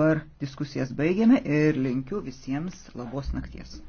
Dabar diskusijas baigiame ir linkiu visiems labos nakties.